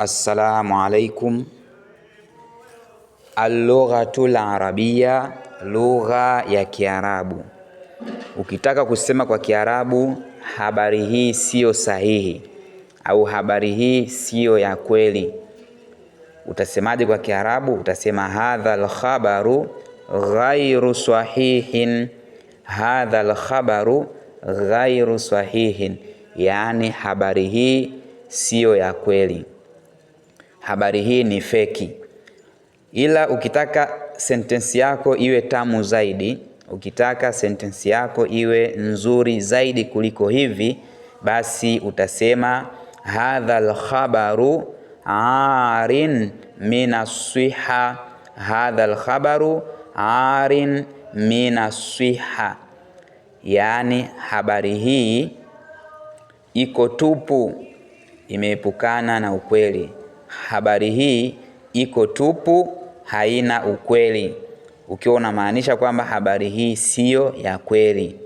Assalamu alaikum. allughatu larabia arabia, lugha ya Kiarabu. Ukitaka kusema kwa Kiarabu, habari hii siyo sahihi au habari hii siyo ya kweli, utasemaje kwa Kiarabu? Utasema hadha lkhabaru ghairu sahihin, hadha al ghairu sahihin, yaani habari hii siyo ya kweli habari hii ni feki. Ila ukitaka sentensi yako iwe tamu zaidi, ukitaka sentensi yako iwe nzuri zaidi kuliko hivi, basi utasema hadha alkhabaru arin min aswiha, hadha alkhabaru arin min aswiha, yaani habari hii iko tupu, imeepukana na ukweli habari hii iko tupu, haina ukweli, ukiwa unamaanisha kwamba habari hii siyo ya kweli.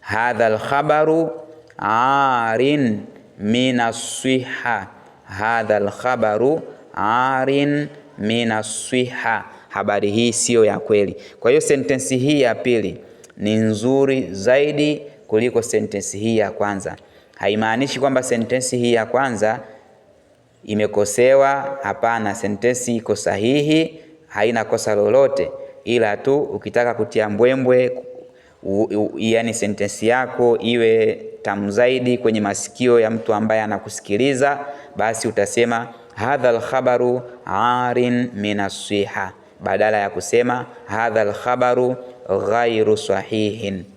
Hadha alkhabaru arin min aswiha, hadha alkhabaru arin min aswiha, habari hii siyo ya kweli. Kwa hiyo sentensi hii ya pili ni nzuri zaidi kuliko sentensi hii ya kwanza. Haimaanishi kwamba sentensi hii ya kwanza imekosewa? Hapana, sentensi iko sahihi, haina kosa lolote, ila tu ukitaka kutia mbwembwe yani sentensi yako iwe tamu zaidi kwenye masikio ya mtu ambaye anakusikiliza, basi utasema hadha alkhabaru arin min asiha, badala ya kusema hadha alkhabaru ghairu sahihin.